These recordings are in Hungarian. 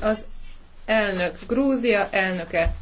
Az elnök, Grúzia elnöke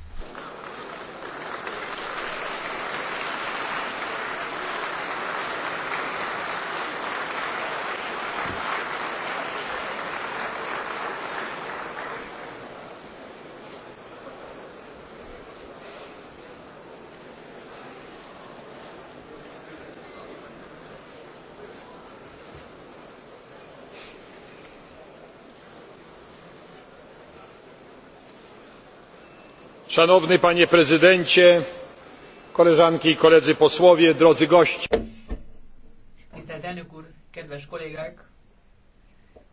Szanowny panie prezydencie, koleżanki i koledzy posłowie, drodzy goście. Tisztelt elnök úr, kedves kollégák,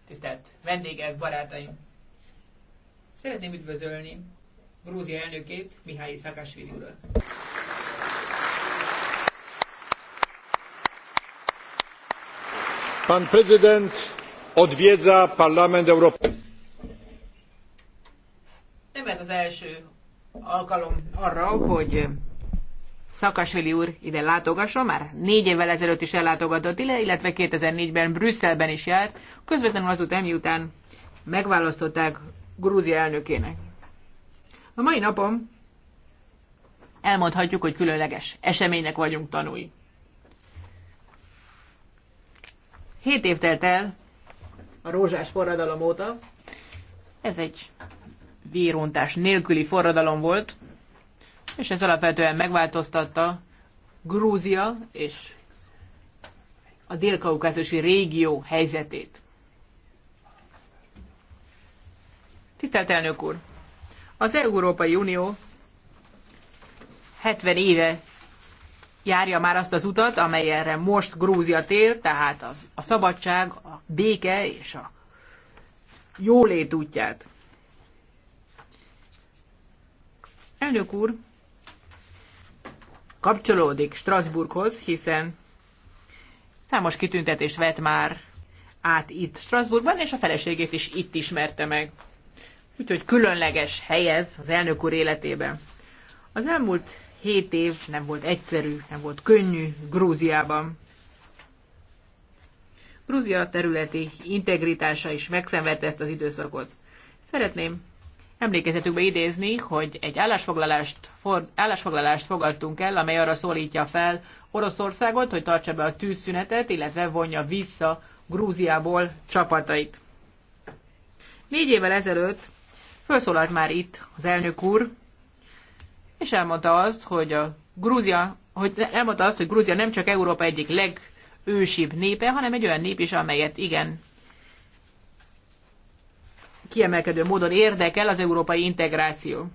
tisztelt vendégek, barátaim! Szeretném üdvözölni Grúzia elnökét, Mihály Szakásvili urat. Pan prezydent odwiedza Parlament Europejski. Nem ez az első alkalom arra, hogy Szakasili úr ide látogasson, már négy évvel ezelőtt is ellátogatott ide, illetve 2004-ben Brüsszelben is járt, közvetlenül azután, miután megválasztották Grúzia elnökének. A mai napon elmondhatjuk, hogy különleges eseménynek vagyunk tanúi. Hét év telt el a rózsás forradalom óta. Ez egy vérontás nélküli forradalom volt, és ez alapvetően megváltoztatta Grúzia és a délkaukázusi régió helyzetét. Tisztelt elnök úr! Az Európai Unió 70 éve járja már azt az utat, erre most Grúzia tér, tehát az, a szabadság, a béke és a jólét útját. Elnök úr kapcsolódik Strasbourghoz, hiszen számos kitüntetés vett már át itt Strasbourgban, és a feleségét is itt ismerte meg. Úgyhogy különleges helyez az elnök úr életében. Az elmúlt hét év nem volt egyszerű, nem volt könnyű Grúziában. Grúzia területi integritása is megszenvedte ezt az időszakot. Szeretném emlékezetükbe idézni, hogy egy állásfoglalást, for, állásfoglalást fogadtunk el, amely arra szólítja fel Oroszországot, hogy tartsa be a tűzszünetet, illetve vonja vissza Grúziából csapatait. Négy évvel ezelőtt felszólalt már itt az elnök úr, és elmondta azt, hogy a Grúzia, hogy elmondta azt, hogy Grúzia nem csak Európa egyik legősibb népe, hanem egy olyan nép is, amelyet igen kiemelkedő módon érdekel az európai integráció,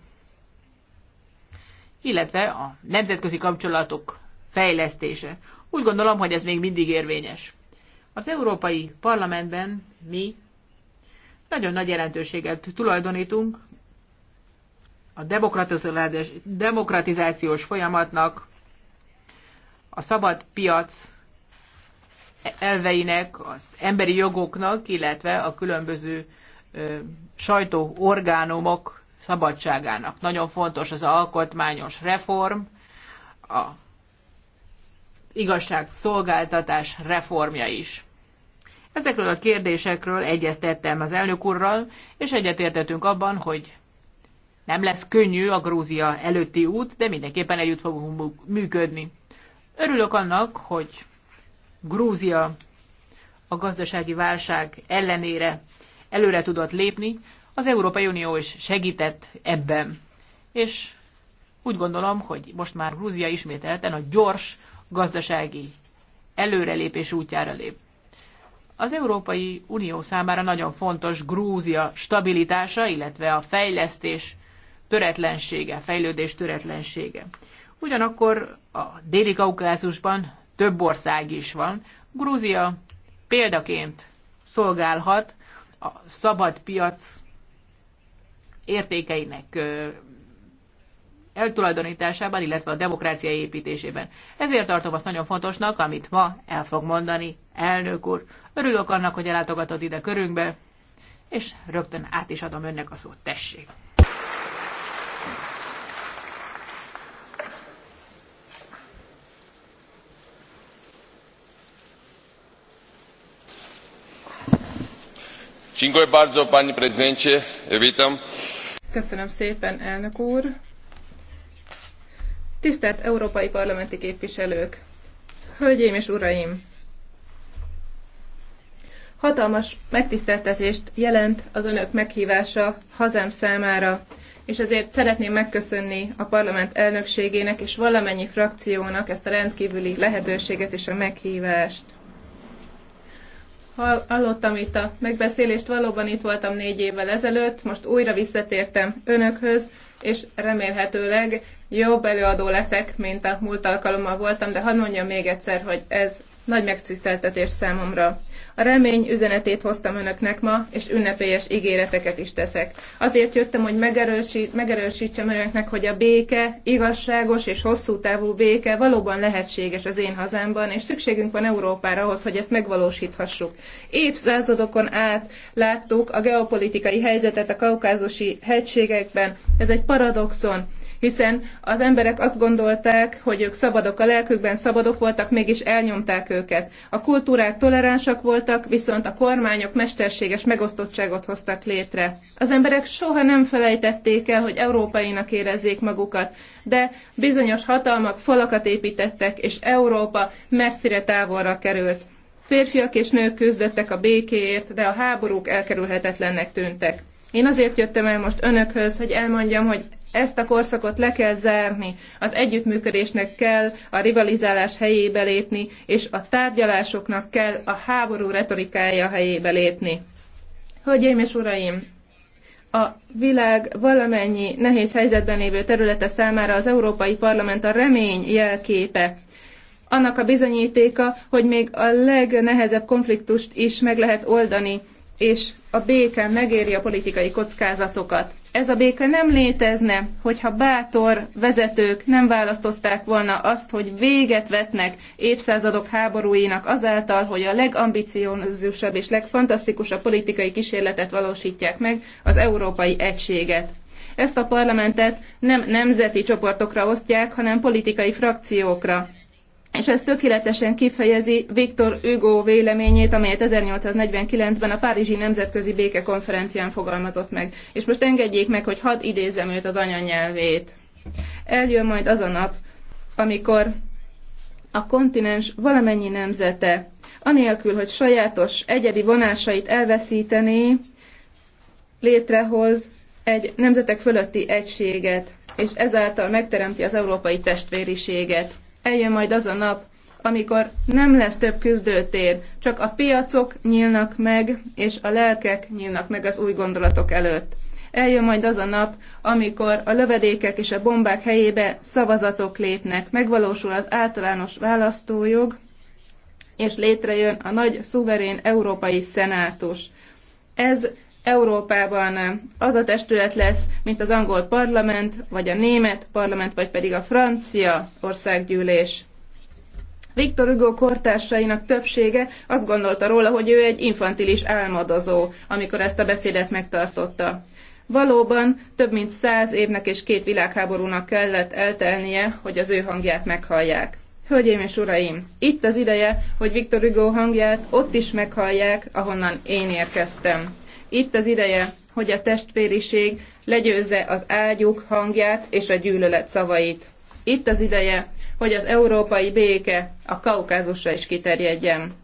illetve a nemzetközi kapcsolatok fejlesztése. Úgy gondolom, hogy ez még mindig érvényes. Az Európai Parlamentben mi nagyon nagy jelentőséget tulajdonítunk a demokratizációs folyamatnak, a szabad piac elveinek, az emberi jogoknak, illetve a különböző sajtóorgánumok szabadságának. Nagyon fontos az alkotmányos reform, a igazságszolgáltatás reformja is. Ezekről a kérdésekről egyeztettem az elnök úrral, és egyetértettünk abban, hogy nem lesz könnyű a Grúzia előtti út, de mindenképpen együtt fogunk működni. Örülök annak, hogy Grúzia a gazdasági válság ellenére előre tudott lépni, az Európai Unió is segített ebben. És úgy gondolom, hogy most már Grúzia ismételten a gyors gazdasági előrelépés útjára lép. Az Európai Unió számára nagyon fontos Grúzia stabilitása, illetve a fejlesztés töretlensége, fejlődés töretlensége. Ugyanakkor a déli kaukázusban több ország is van. Grúzia példaként szolgálhat a szabad piac értékeinek eltulajdonításában, illetve a demokrácia építésében. Ezért tartom azt nagyon fontosnak, amit ma el fog mondani elnök úr. Örülök annak, hogy ellátogatott ide körünkbe, és rögtön át is adom önnek a szót. Tessék! Dziękuję bardzo, pani prezydencie. Witam. Köszönöm szépen, elnök úr. Tisztelt európai parlamenti képviselők! Hölgyeim és uraim! Hatalmas megtiszteltetést jelent az önök meghívása hazám számára, és ezért szeretném megköszönni a parlament elnökségének és valamennyi frakciónak ezt a rendkívüli lehetőséget és a meghívást hallottam itt a megbeszélést, valóban itt voltam négy évvel ezelőtt, most újra visszatértem önökhöz, és remélhetőleg jobb előadó leszek, mint a múlt alkalommal voltam, de hadd mondjam még egyszer, hogy ez nagy megtiszteltetés számomra. A remény üzenetét hoztam önöknek ma, és ünnepélyes ígéreteket is teszek. Azért jöttem, hogy megerősít, megerősítsem önöknek, hogy a béke, igazságos és hosszú távú béke valóban lehetséges az én hazámban, és szükségünk van Európára ahhoz, hogy ezt megvalósíthassuk. Évszázadokon át láttuk a geopolitikai helyzetet a kaukázusi hegységekben. Ez egy paradoxon, hiszen az emberek azt gondolták, hogy ők szabadok a lelkükben, szabadok voltak, mégis elnyomták őket. A kultúrák toleránsak voltak, voltak, viszont a kormányok mesterséges megosztottságot hoztak létre. Az emberek soha nem felejtették el, hogy európainak érezzék magukat, de bizonyos hatalmak falakat építettek, és Európa messzire távolra került. Férfiak és nők küzdöttek a békéért, de a háborúk elkerülhetetlennek tűntek. Én azért jöttem el most önökhöz, hogy elmondjam, hogy ezt a korszakot le kell zárni, az együttműködésnek kell a rivalizálás helyébe lépni, és a tárgyalásoknak kell a háború retorikája helyébe lépni. Hölgyeim és uraim, a világ valamennyi nehéz helyzetben lévő területe számára az Európai Parlament a remény jelképe annak a bizonyítéka, hogy még a legnehezebb konfliktust is meg lehet oldani és a béke megéri a politikai kockázatokat. Ez a béke nem létezne, hogyha bátor vezetők nem választották volna azt, hogy véget vetnek évszázadok háborúinak azáltal, hogy a legambiciózusabb és legfantasztikusabb politikai kísérletet valósítják meg, az európai egységet. Ezt a parlamentet nem nemzeti csoportokra osztják, hanem politikai frakciókra és ez tökéletesen kifejezi Viktor Hugo véleményét, amelyet 1849-ben a Párizsi Nemzetközi Békekonferencián fogalmazott meg. És most engedjék meg, hogy hadd idézem őt az anyanyelvét. Eljön majd az a nap, amikor a kontinens valamennyi nemzete, anélkül, hogy sajátos egyedi vonásait elveszítené, létrehoz egy nemzetek fölötti egységet, és ezáltal megteremti az európai testvériséget eljön majd az a nap, amikor nem lesz több küzdőtér, csak a piacok nyílnak meg, és a lelkek nyílnak meg az új gondolatok előtt. Eljön majd az a nap, amikor a lövedékek és a bombák helyébe szavazatok lépnek, megvalósul az általános választójog, és létrejön a nagy szuverén európai szenátus. Ez Európában az a testület lesz, mint az angol parlament, vagy a német parlament, vagy pedig a francia országgyűlés. Viktor Hugo kortársainak többsége azt gondolta róla, hogy ő egy infantilis álmodozó, amikor ezt a beszédet megtartotta. Valóban több mint száz évnek és két világháborúnak kellett eltelnie, hogy az ő hangját meghallják. Hölgyeim és uraim, itt az ideje, hogy Viktor Hugo hangját ott is meghallják, ahonnan én érkeztem. Itt az ideje, hogy a testvériség legyőzze az ágyuk hangját és a gyűlölet szavait. Itt az ideje, hogy az európai béke a kaukázusra is kiterjedjen.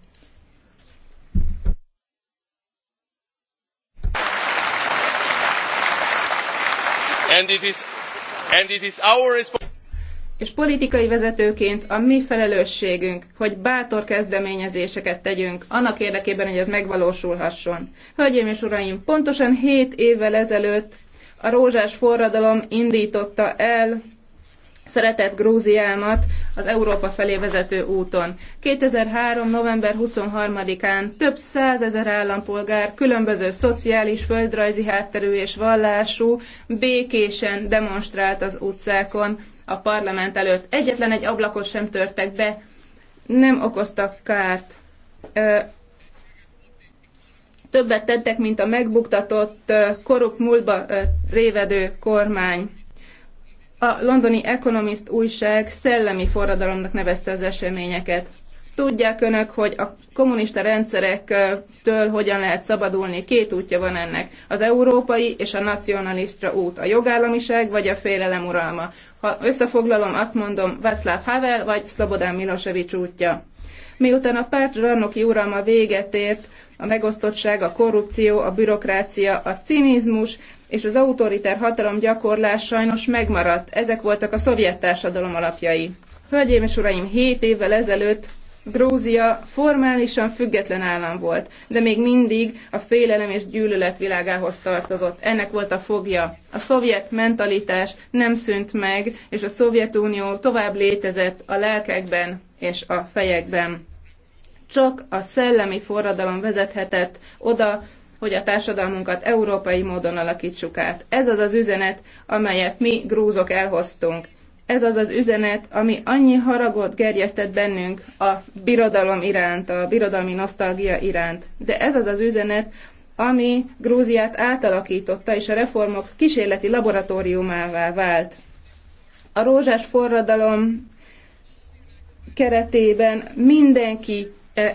And it is, and it is our és politikai vezetőként a mi felelősségünk, hogy bátor kezdeményezéseket tegyünk, annak érdekében, hogy ez megvalósulhasson. Hölgyeim és uraim, pontosan 7 évvel ezelőtt a rózsás forradalom indította el szeretett Grúziámat az Európa felé vezető úton. 2003. november 23-án több százezer állampolgár különböző szociális, földrajzi hátterű és vallású békésen demonstrált az utcákon, a parlament előtt. Egyetlen egy ablakot sem törtek be, nem okoztak kárt. Többet tettek, mint a megbuktatott, korrupt múltba révedő kormány. A londoni Economist újság szellemi forradalomnak nevezte az eseményeket. Tudják önök, hogy a kommunista rendszerektől hogyan lehet szabadulni? Két útja van ennek. Az európai és a nacionalista út, a jogállamiság vagy a félelem uralma. Ha összefoglalom, azt mondom, Václav Havel vagy Szlobodán Milosevic útja. Miután a párt zsarnoki uralma véget ért, a megosztottság, a korrupció, a bürokrácia, a cinizmus és az autoriter hatalom gyakorlás sajnos megmaradt. Ezek voltak a szovjet társadalom alapjai. Hölgyeim és uraim, 7 évvel ezelőtt Grúzia formálisan független állam volt, de még mindig a félelem és gyűlölet világához tartozott. Ennek volt a fogja. A szovjet mentalitás nem szűnt meg, és a Szovjetunió tovább létezett a lelkekben és a fejekben. Csak a szellemi forradalom vezethetett oda, hogy a társadalmunkat európai módon alakítsuk át. Ez az az üzenet, amelyet mi grúzok elhoztunk ez az az üzenet, ami annyi haragot gerjesztett bennünk a birodalom iránt, a birodalmi nosztalgia iránt. De ez az az üzenet, ami Grúziát átalakította, és a reformok kísérleti laboratóriumává vált. A rózsás forradalom keretében mindenki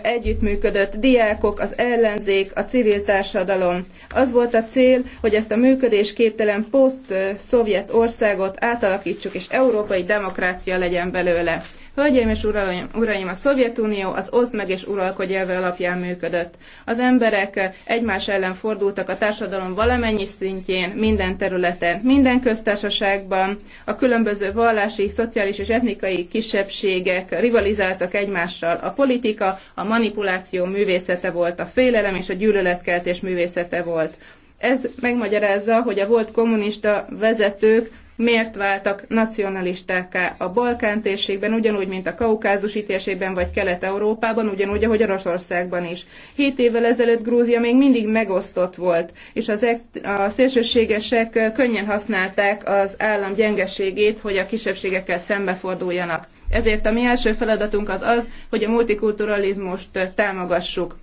együttműködött diákok, az ellenzék, a civil társadalom. Az volt a cél, hogy ezt a működésképtelen poszt-szovjet országot átalakítsuk, és európai demokrácia legyen belőle. Hölgyeim és uraim, uraim, a Szovjetunió az oszd meg és uralkodj elve alapján működött. Az emberek egymás ellen fordultak a társadalom valamennyi szintjén, minden területen, minden köztársaságban, a különböző vallási, szociális és etnikai kisebbségek rivalizáltak egymással. A politika, a manipuláció művészete volt, a félelem és a gyűlöletkeltés művészete volt. Ez megmagyarázza, hogy a volt kommunista vezetők miért váltak nacionalistáká a Balkán térségben, ugyanúgy, mint a kaukázusi térségben vagy Kelet-Európában, ugyanúgy, ahogy Oroszországban is. Hét évvel ezelőtt Grúzia még mindig megosztott volt, és az ex- a szélsőségesek könnyen használták az állam gyengeségét, hogy a kisebbségekkel szembeforduljanak. Ezért a mi első feladatunk az az, hogy a multikulturalizmust támogassuk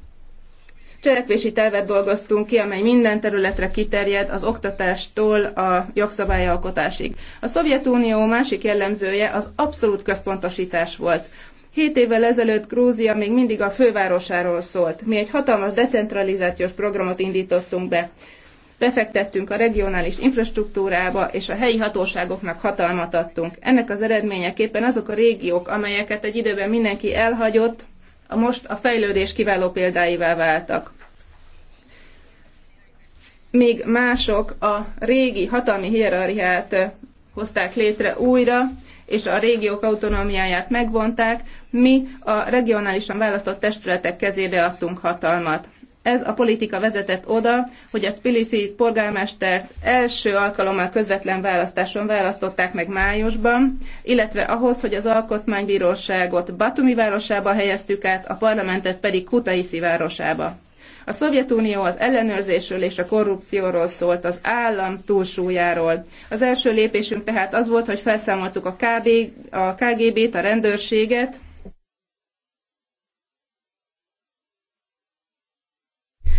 Cselekvési tervet dolgoztunk ki, amely minden területre kiterjed, az oktatástól a jogszabályalkotásig. A Szovjetunió másik jellemzője az abszolút központosítás volt. Hét évvel ezelőtt Grúzia még mindig a fővárosáról szólt. Mi egy hatalmas decentralizációs programot indítottunk be. Befektettünk a regionális infrastruktúrába, és a helyi hatóságoknak hatalmat adtunk. Ennek az eredményeképpen azok a régiók, amelyeket egy időben mindenki elhagyott, a most a fejlődés kiváló példáivá váltak. Míg mások a régi hatalmi hierarchiát eh, hozták létre újra, és a régiók autonómiáját megvonták, mi a regionálisan választott testületek kezébe adtunk hatalmat ez a politika vezetett oda, hogy a Tbilisi polgármestert első alkalommal közvetlen választáson választották meg májusban, illetve ahhoz, hogy az alkotmánybíróságot Batumi városába helyeztük át, a parlamentet pedig Kutaisi városába. A Szovjetunió az ellenőrzésről és a korrupcióról szólt, az állam túlsúlyáról. Az első lépésünk tehát az volt, hogy felszámoltuk a, KB, a KGB-t, a rendőrséget,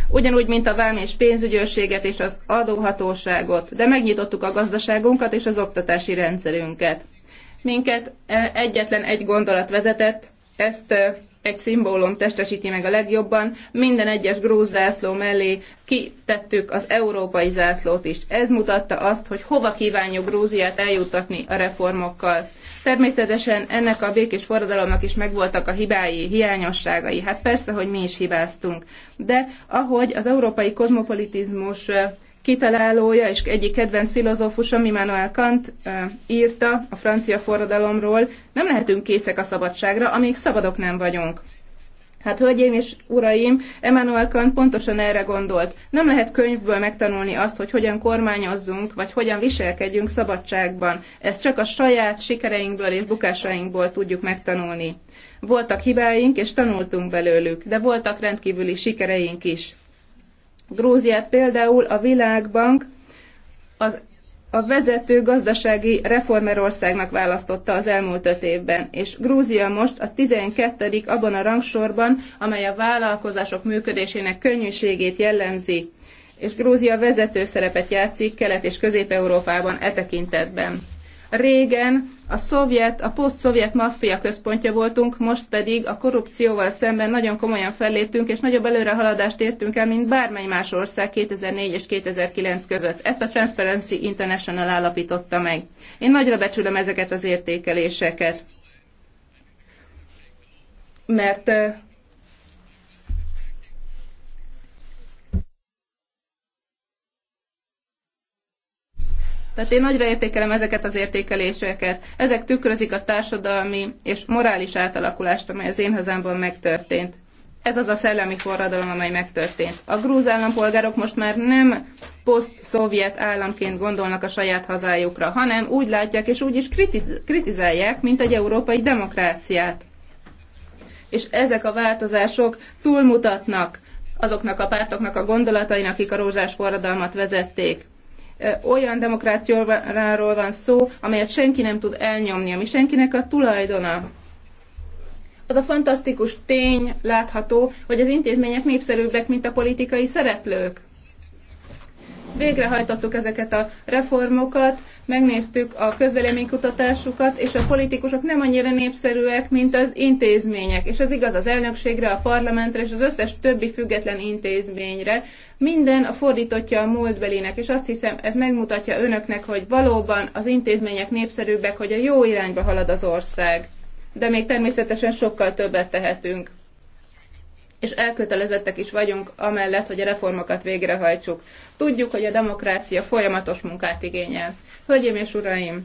ugyanúgy, mint a vám és pénzügyőrséget és az adóhatóságot, de megnyitottuk a gazdaságunkat és az oktatási rendszerünket. Minket e, egyetlen egy gondolat vezetett, ezt e, egy szimbólum testesíti meg a legjobban. Minden egyes grúz zászló mellé kitettük az európai zászlót is. Ez mutatta azt, hogy hova kívánjuk Grúziát eljutatni a reformokkal. Természetesen ennek a békés forradalomnak is megvoltak a hibái, hiányosságai. Hát persze, hogy mi is hibáztunk. De ahogy az európai kozmopolitizmus kitalálója és egyik kedvenc filozófusa, Immanuel Kant írta a francia forradalomról, nem lehetünk készek a szabadságra, amíg szabadok nem vagyunk. Hát, hölgyeim és uraim, Emmanuel Kant pontosan erre gondolt. Nem lehet könyvből megtanulni azt, hogy hogyan kormányozzunk, vagy hogyan viselkedjünk szabadságban. Ezt csak a saját sikereinkből és bukásainkból tudjuk megtanulni. Voltak hibáink, és tanultunk belőlük, de voltak rendkívüli sikereink is. Grúziát például a Világbank az a vezető gazdasági reformerországnak választotta az elmúlt öt évben, és Grúzia most a 12. abban a rangsorban, amely a vállalkozások működésének könnyűségét jellemzi, és Grúzia vezető szerepet játszik Kelet- és Közép-Európában e tekintetben. Régen a szovjet, a poszt-szovjet maffia központja voltunk, most pedig a korrupcióval szemben nagyon komolyan felléptünk, és nagyobb előrehaladást értünk el, mint bármely más ország 2004 és 2009 között. Ezt a Transparency International állapította meg. Én nagyra becsülöm ezeket az értékeléseket. Mert Tehát én nagyra értékelem ezeket az értékeléseket. Ezek tükrözik a társadalmi és morális átalakulást, amely az én hazámban megtörtént. Ez az a szellemi forradalom, amely megtörtént. A grúz állampolgárok most már nem poszt-szovjet államként gondolnak a saját hazájukra, hanem úgy látják és úgy is kritiz- kritizálják, mint egy európai demokráciát. És ezek a változások túlmutatnak azoknak a pártoknak a gondolatainak, akik a rózsás forradalmat vezették olyan demokráciáról van szó, amelyet senki nem tud elnyomni, ami senkinek a tulajdona. Az a fantasztikus tény látható, hogy az intézmények népszerűbbek, mint a politikai szereplők végrehajtottuk ezeket a reformokat, megnéztük a közveleménykutatásukat, és a politikusok nem annyira népszerűek, mint az intézmények. És ez igaz az elnökségre, a parlamentre és az összes többi független intézményre. Minden a fordítottja a múltbelének, és azt hiszem, ez megmutatja önöknek, hogy valóban az intézmények népszerűbbek, hogy a jó irányba halad az ország. De még természetesen sokkal többet tehetünk és elkötelezettek is vagyunk amellett, hogy a reformokat végrehajtsuk. Tudjuk, hogy a demokrácia folyamatos munkát igényel. Hölgyeim és uraim,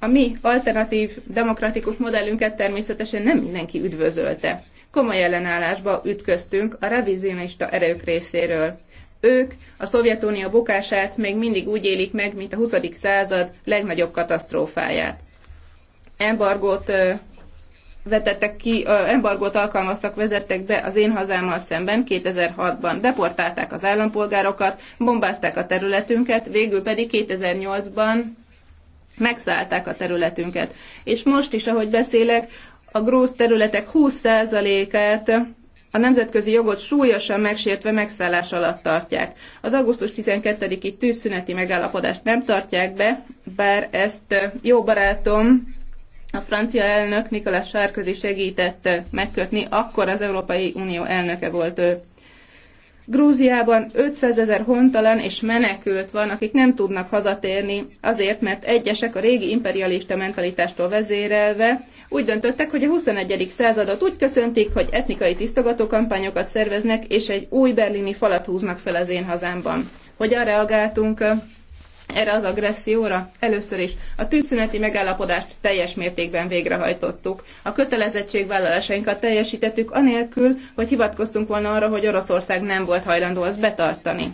a mi alternatív demokratikus modellünket természetesen nem mindenki üdvözölte. Komoly ellenállásba ütköztünk a revizionista erők részéről. Ők a Szovjetunió bukását még mindig úgy élik meg, mint a 20. század legnagyobb katasztrófáját. Embargót vetettek ki, embargót alkalmaztak, vezettek be az én hazámmal szemben 2006-ban. Deportálták az állampolgárokat, bombázták a területünket, végül pedig 2008-ban megszállták a területünket. És most is, ahogy beszélek, a grúz területek 20%-át a nemzetközi jogot súlyosan megsértve megszállás alatt tartják. Az augusztus 12-i tűzszüneti megállapodást nem tartják be, bár ezt jó barátom a francia elnök Nicolas Sarkozy segített megkötni, akkor az Európai Unió elnöke volt ő. Grúziában 500 ezer hontalan és menekült van, akik nem tudnak hazatérni, azért, mert egyesek a régi imperialista mentalitástól vezérelve úgy döntöttek, hogy a 21. századot úgy köszöntik, hogy etnikai tisztogató kampányokat szerveznek, és egy új berlini falat húznak fel az én hazámban. Hogyan reagáltunk erre az agresszióra? Először is a tűzszüneti megállapodást teljes mértékben végrehajtottuk. A kötelezettségvállalásainkat teljesítettük anélkül, hogy hivatkoztunk volna arra, hogy Oroszország nem volt hajlandó azt betartani.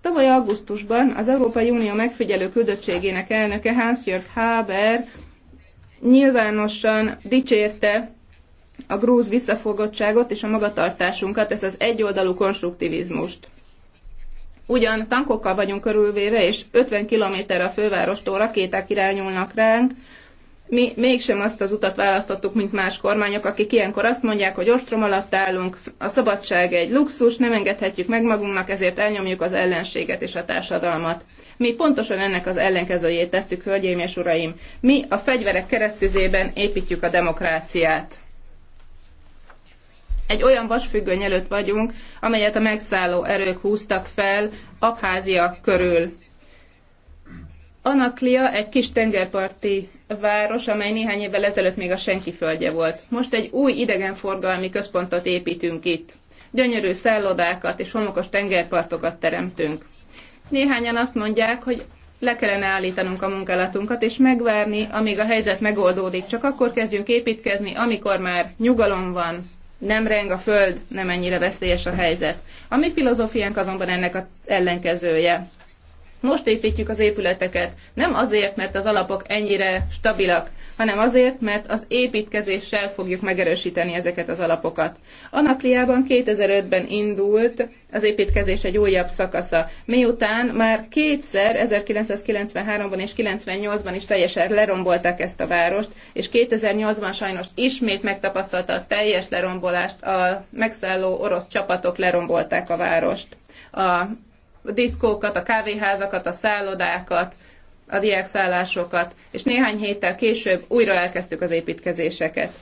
Tavaly augusztusban az Európai Unió megfigyelő küldöttségének elnöke Hans-Jörg Haber nyilvánosan dicsérte a grúz visszafogottságot és a magatartásunkat, ezt az egyoldalú konstruktivizmust ugyan tankokkal vagyunk körülvéve, és 50 km a fővárostól rakéták irányulnak ránk, mi mégsem azt az utat választottuk, mint más kormányok, akik ilyenkor azt mondják, hogy ostrom alatt állunk, a szabadság egy luxus, nem engedhetjük meg magunknak, ezért elnyomjuk az ellenséget és a társadalmat. Mi pontosan ennek az ellenkezőjét tettük, hölgyeim és uraim. Mi a fegyverek keresztüzében építjük a demokráciát egy olyan vasfüggöny előtt vagyunk, amelyet a megszálló erők húztak fel Abházia körül. Anaklia egy kis tengerparti város, amely néhány évvel ezelőtt még a senki földje volt. Most egy új idegenforgalmi központot építünk itt. Gyönyörű szállodákat és homokos tengerpartokat teremtünk. Néhányan azt mondják, hogy le kellene állítanunk a munkálatunkat, és megvárni, amíg a helyzet megoldódik. Csak akkor kezdjünk építkezni, amikor már nyugalom van, nem reng a föld, nem ennyire veszélyes a helyzet. A mi filozófiánk azonban ennek a ellenkezője. Most építjük az épületeket, nem azért, mert az alapok ennyire stabilak, hanem azért, mert az építkezéssel fogjuk megerősíteni ezeket az alapokat. Anapliában 2005-ben indult az építkezés egy újabb szakasza, miután már kétszer, 1993-ban és 98-ban is teljesen lerombolták ezt a várost, és 2008-ban sajnos ismét megtapasztalta a teljes lerombolást, a megszálló orosz csapatok lerombolták a várost. A diszkókat, a kávéházakat, a szállodákat, a diákszállásokat, és néhány héttel később újra elkezdtük az építkezéseket.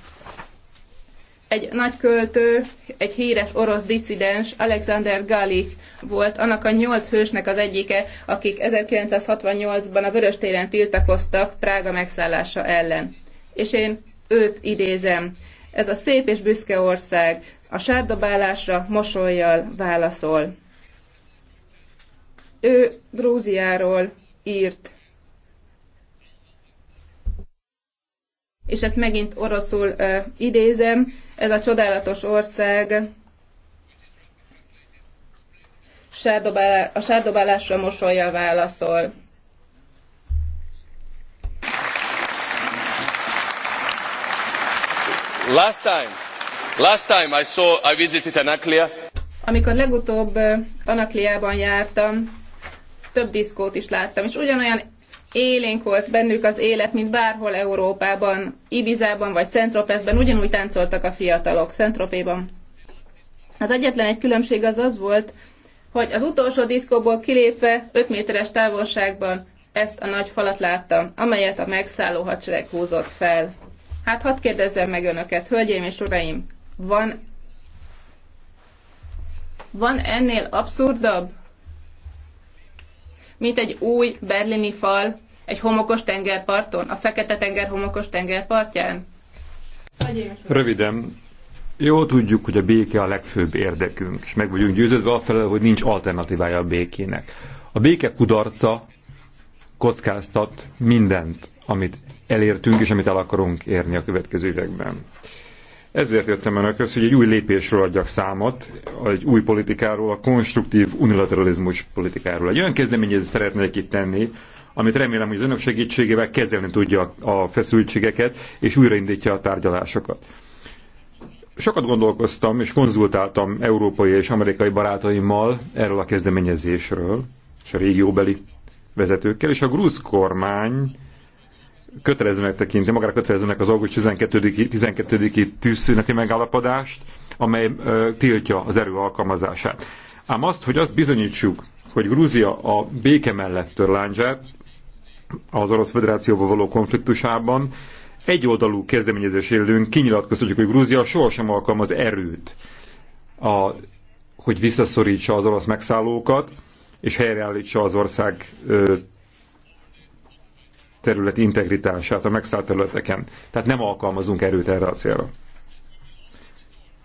Egy nagy költő, egy híres orosz disszidens, Alexander Galik volt annak a nyolc hősnek az egyike, akik 1968-ban a Vöröstéren tiltakoztak Prága megszállása ellen. És én őt idézem. Ez a szép és büszke ország a sárdobálásra mosolyjal válaszol. Ő Grúziáról írt és ezt megint oroszul ö, idézem, ez a csodálatos ország sárdobálá, a sárdobálásra mosolya válaszol. Last time, last time I saw, I visited Anaklia. Amikor legutóbb Anakliában jártam, több diszkót is láttam, és ugyanolyan élénk volt bennük az élet, mint bárhol Európában, Ibizában vagy Szentropeszben, ugyanúgy táncoltak a fiatalok Szentropéban. Az egyetlen egy különbség az az volt, hogy az utolsó diszkóból kilépve 5 méteres távolságban ezt a nagy falat láttam, amelyet a megszálló hadsereg húzott fel. Hát hadd kérdezzem meg önöket, hölgyeim és uraim, van, van ennél abszurdabb? mint egy új berlini fal egy homokos tengerparton, a Fekete-tenger homokos tengerpartján? Röviden, jó tudjuk, hogy a béke a legfőbb érdekünk, és meg vagyunk győződve felel, hogy nincs alternatívája a békének. A béke kudarca kockáztat mindent, amit elértünk és amit el akarunk érni a következő években. Ezért jöttem önökhöz, hogy egy új lépésről adjak számot, egy új politikáról, a konstruktív unilateralizmus politikáról. Egy olyan kezdeményezést szeretnék itt tenni, amit remélem, hogy az önök segítségével kezelni tudja a feszültségeket, és újraindítja a tárgyalásokat. Sokat gondolkoztam, és konzultáltam európai és amerikai barátaimmal erről a kezdeményezésről, és a régióbeli vezetőkkel, és a grúz kormány kötelezőnek tekinti, magára kötelezőnek az augusztus 12-i 12 tűzszüneti megállapodást, amely ö, tiltja az erő alkalmazását. Ám azt, hogy azt bizonyítsuk, hogy Grúzia a béke mellett tör az Orosz Federációval való konfliktusában, egy oldalú kezdeményezés élünk, kinyilatkoztatjuk, hogy Grúzia sohasem alkalmaz erőt, a, hogy visszaszorítsa az orosz megszállókat, és helyreállítsa az ország ö, terület integritását a megszállt területeken. Tehát nem alkalmazunk erőt erre a célra.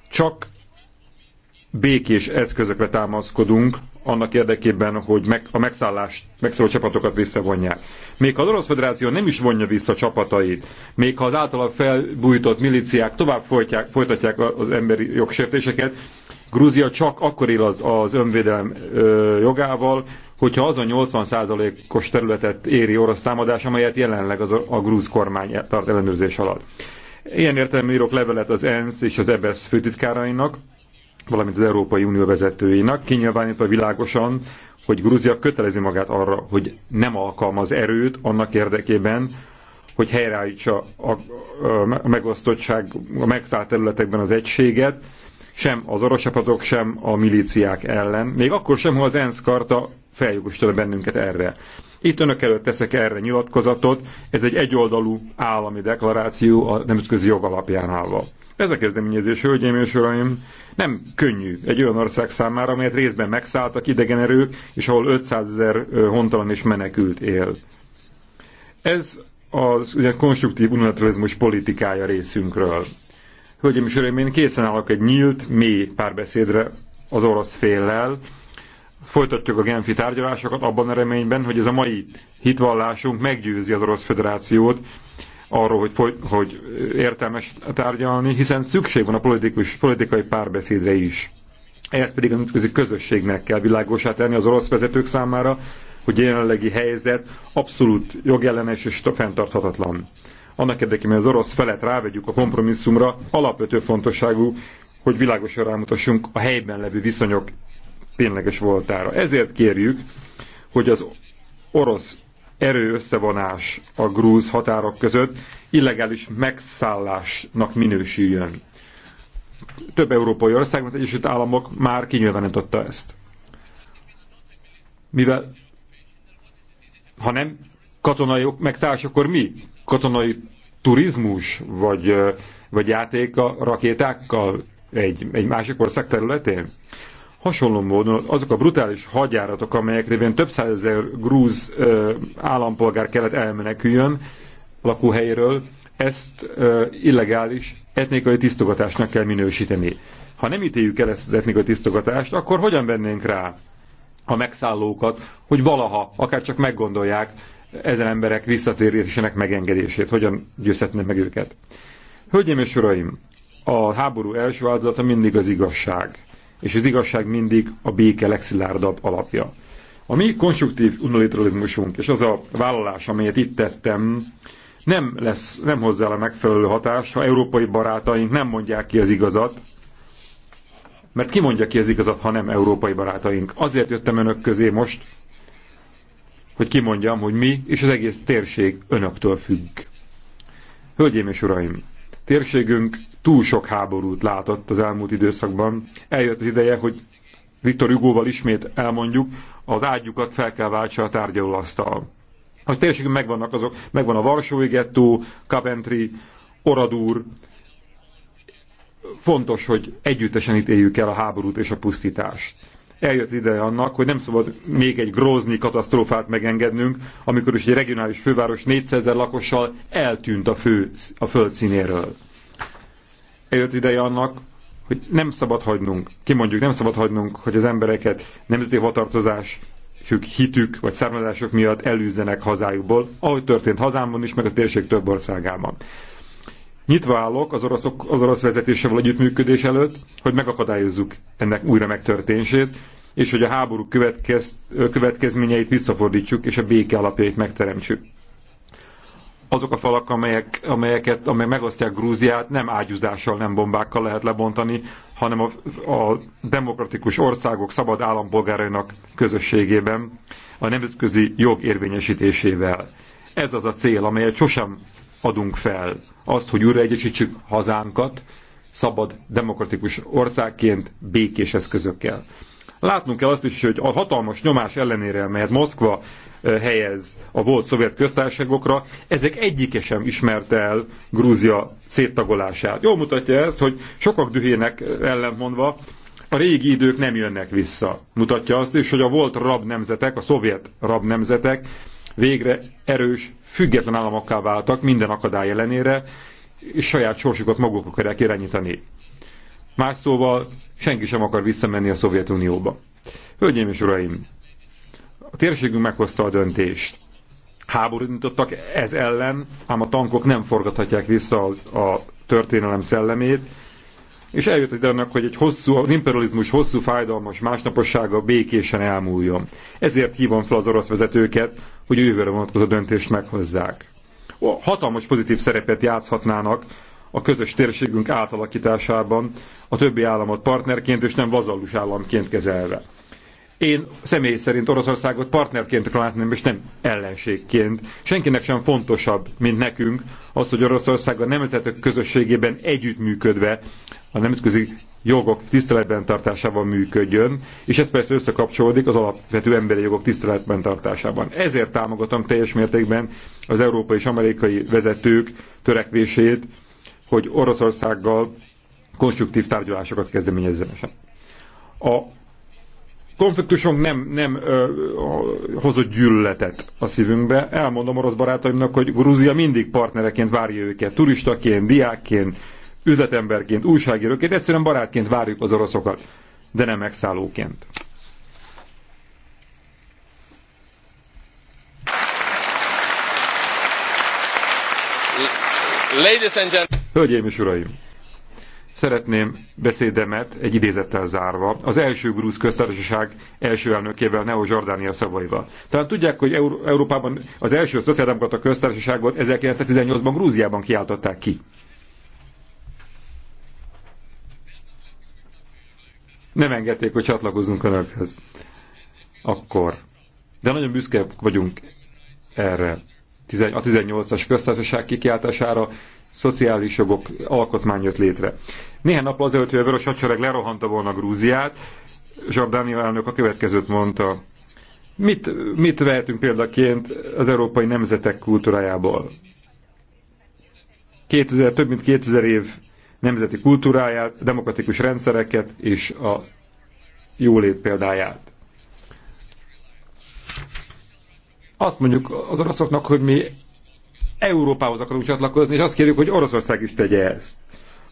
Csak békés eszközökre támaszkodunk annak érdekében, hogy meg, a megszállás, megszálló csapatokat visszavonják. Még ha az Orosz Federáció nem is vonja vissza csapatait, még ha az általa felbújtott miliciák tovább folytják, folytatják az emberi jogsértéseket, Grúzia csak akkor él az, az önvédelem ö, jogával, hogyha az a 80%-os területet éri orosz támadás, amelyet jelenleg az a grúz kormány tart ellenőrzés alatt. Ilyen értelemben írok levelet az ENSZ és az EBSZ főtitkárainak, valamint az Európai Unió vezetőinek, kinyilvánítva világosan, hogy Grúzia kötelezi magát arra, hogy nem alkalmaz erőt annak érdekében, hogy helyreállítsa a, a megosztottság, a megszállt területekben az egységet, sem az csapatok, sem a milíciák ellen, még akkor sem, ha az ENSZ karta feljogosítja bennünket erre. Itt önök előtt teszek erre nyilatkozatot, ez egy egyoldalú állami deklaráció a nemzetközi jog alapján állva. Ez a kezdeményezés, hölgyeim és uraim, nem könnyű egy olyan ország számára, amelyet részben megszálltak idegen erők, és ahol 500 ezer hontalan és menekült él. Ez az ugye, konstruktív unilateralizmus politikája részünkről. Hölgyeim és Uraim, én készen állok egy nyílt, mély párbeszédre az orosz féllel. Folytatjuk a genfi tárgyalásokat abban a reményben, hogy ez a mai hitvallásunk meggyőzi az Orosz Föderációt arról, hogy, foly, hogy értelmes tárgyalni, hiszen szükség van a politikus, politikai párbeszédre is. Ehhez pedig a nemzetközi közösségnek kell világosá tenni az orosz vezetők számára, hogy a jelenlegi helyzet abszolút jogellenes és fenntarthatatlan annak érdekében az orosz felet rávegyük a kompromisszumra, alapvető fontosságú, hogy világosan rámutassunk a helyben levő viszonyok tényleges voltára. Ezért kérjük, hogy az orosz erő összevonás a grúz határok között illegális megszállásnak minősüljön. Több európai ország, mint Egyesült Államok már kinyilvánította ezt. Mivel ha nem katonai megszállás, akkor mi? katonai turizmus, vagy, vagy játék a rakétákkal egy, egy másik ország területén? Hasonló módon azok a brutális hadjáratok amelyek révén több százezer grúz állampolgár kellett elmeneküljön lakóhelyéről, ezt illegális etnikai tisztogatásnak kell minősíteni. Ha nem ítéljük el ezt az etnikai tisztogatást, akkor hogyan vennénk rá a megszállókat, hogy valaha, akár csak meggondolják, ezen emberek visszatérésének megengedését, hogyan győzhetne meg őket. Hölgyeim és uraim, a háború első áldozata mindig az igazság, és az igazság mindig a béke legszilárdabb alapja. A mi konstruktív unilateralizmusunk és az a vállalás, amelyet itt tettem, nem, lesz, nem hozzá a megfelelő hatást, ha európai barátaink nem mondják ki az igazat, mert ki mondja ki az igazat, ha nem európai barátaink. Azért jöttem önök közé most, hogy kimondjam, hogy mi és az egész térség önöktől függ. Hölgyeim és uraim, térségünk túl sok háborút látott az elmúlt időszakban. Eljött az ideje, hogy Viktor Hugoval ismét elmondjuk, az ágyukat fel kell váltsa a tárgyalóasztal. A térségünk megvannak azok, megvan a Varsói gettó, Coventry, Oradúr. Fontos, hogy együttesen ítéljük el a háborút és a pusztítást eljött ideje annak, hogy nem szabad még egy grozni katasztrófát megengednünk, amikor is egy regionális főváros 400 ezer lakossal eltűnt a, fő, a föld színéről. Eljött ideje annak, hogy nem szabad hagynunk, kimondjuk, nem szabad hagynunk, hogy az embereket nemzeti hovatartozás, hitük vagy származások miatt elűzzenek hazájukból, ahogy történt hazámban is, meg a térség több országában. Nyitva állok az, oroszok, az orosz vezetésevel együttműködés előtt, hogy megakadályozzuk ennek újra megtörténését, és hogy a háború következ, következményeit visszafordítsuk, és a béke alapjait megteremtsük. Azok a falak, amelyek, amelyeket amely megosztják Grúziát, nem ágyúzással, nem bombákkal lehet lebontani, hanem a, a demokratikus országok szabad állampolgárainak közösségében, a nemzetközi jog érvényesítésével. Ez az a cél, amelyet sosem adunk fel. Azt, hogy újraegyesítsük hazánkat, szabad, demokratikus országként békés eszközökkel. Látnunk kell azt is, hogy a hatalmas nyomás ellenére, mert Moszkva eh, helyez a volt szovjet köztársaságokra, ezek egyike sem ismerte el Grúzia széttagolását. Jól mutatja ezt, hogy sokak dühének eh, ellentmondva a régi idők nem jönnek vissza. Mutatja azt is, hogy a volt rab nemzetek, a szovjet rab nemzetek végre erős, független államokká váltak minden akadály ellenére, és saját sorsukat maguk akarják irányítani. Más szóval senki sem akar visszamenni a Szovjetunióba. Hölgyeim és uraim, a térségünk meghozta a döntést. Háborút nyitottak ez ellen, ám a tankok nem forgathatják vissza a, a történelem szellemét, és eljött ide annak, hogy egy hosszú, az imperializmus hosszú fájdalmas másnapossága békésen elmúljon. Ezért hívom fel az orosz vezetőket, hogy jövőre vonatkozó döntést meghozzák. Hatalmas pozitív szerepet játszhatnának a közös térségünk átalakításában, a többi államot partnerként és nem vazallus államként kezelve. Én személy szerint Oroszországot partnerként látnám, és nem ellenségként. Senkinek sem fontosabb, mint nekünk az, hogy Oroszország a nemzetek közösségében együttműködve a nemzetközi jogok tiszteletben tartásában működjön, és ez persze összekapcsolódik az alapvető emberi jogok tiszteletben tartásában. Ezért támogatom teljes mértékben az európai és amerikai vezetők törekvését, hogy Oroszországgal konstruktív tárgyalásokat kezdeményezzenek. A konfliktusom nem, nem ö, hozott gyűlöletet a szívünkbe. Elmondom orosz barátaimnak, hogy Grúzia mindig partnereként várja őket, turistaként, diákként, üzletemberként, újságíróként, egyszerűen barátként várjuk az oroszokat, de nem megszállóként. Hölgyeim és uraim! Szeretném beszédemet egy idézettel zárva, az első grúz köztársaság első elnökével, Neo Jordánia szavaival. Talán tudják, hogy Euró- Európában az első szociáldemokrata köztársaságot 1918-ban Grúziában kiáltották ki. Nem engedték, hogy csatlakozzunk önökhez. Akkor. De nagyon büszke vagyunk erre. A 18-as köztársaság kikiáltására szociális jogok alkotmány jött létre. Néhány nap azelőtt, hogy a vörös hadsereg lerohanta volna Grúziát, Zsabdánia elnök a következőt mondta. Mit, mit vehetünk példaként az európai nemzetek kultúrájából? 2000, több mint 2000 év nemzeti kultúráját, demokratikus rendszereket és a jólét példáját. Azt mondjuk az oroszoknak, hogy mi Európához akarunk csatlakozni, és azt kérjük, hogy Oroszország is tegye ezt.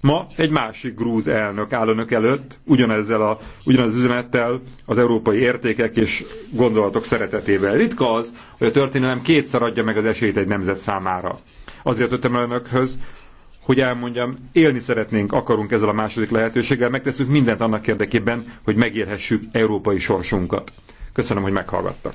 Ma egy másik grúz elnök áll önök előtt, ugyanezzel a, ugyanaz üzenettel, az európai értékek és gondolatok szeretetével. Ritka az, hogy a történelem kétszer adja meg az esélyt egy nemzet számára. Azért jöttem el önökhöz, hogy elmondjam, élni szeretnénk, akarunk ezzel a második lehetőséggel, megteszünk mindent annak érdekében, hogy megérhessük európai sorsunkat. Köszönöm, hogy meghallgattak.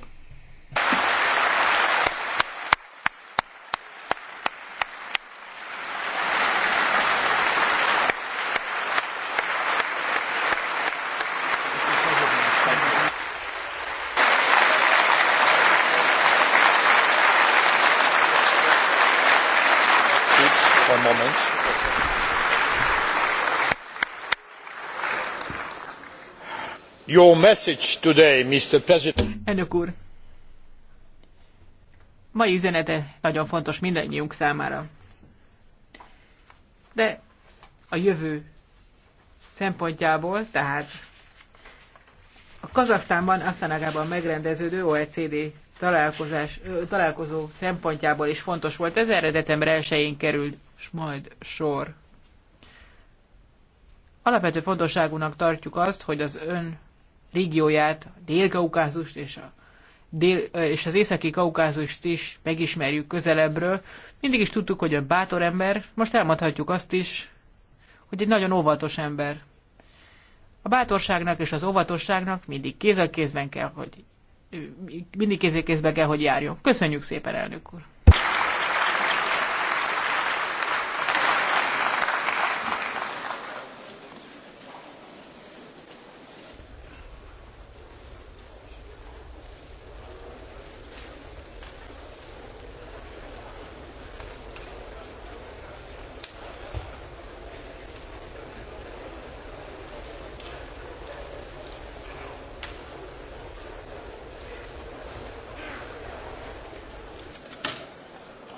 Your message today, Mr. President. Elnök úr, mai üzenete nagyon fontos mindannyiunk számára. De a jövő szempontjából, tehát a Kazasztánban, Asztanagában megrendeződő OECD találkozás, találkozó szempontjából is fontos volt. Ez eredetemre 1 került, és majd sor. Alapvető fontosságúnak tartjuk azt, hogy az ön régióját, a Dél-Kaukázust és, a dél, és az északi kaukázust is megismerjük közelebbről. Mindig is tudtuk, hogy a bátor ember, most elmondhatjuk azt is, hogy egy nagyon óvatos ember. A bátorságnak és az óvatosságnak mindig kéz a kézben kell, hogy mindig kéz a kézben kell, hogy járjon. Köszönjük szépen, elnök úr!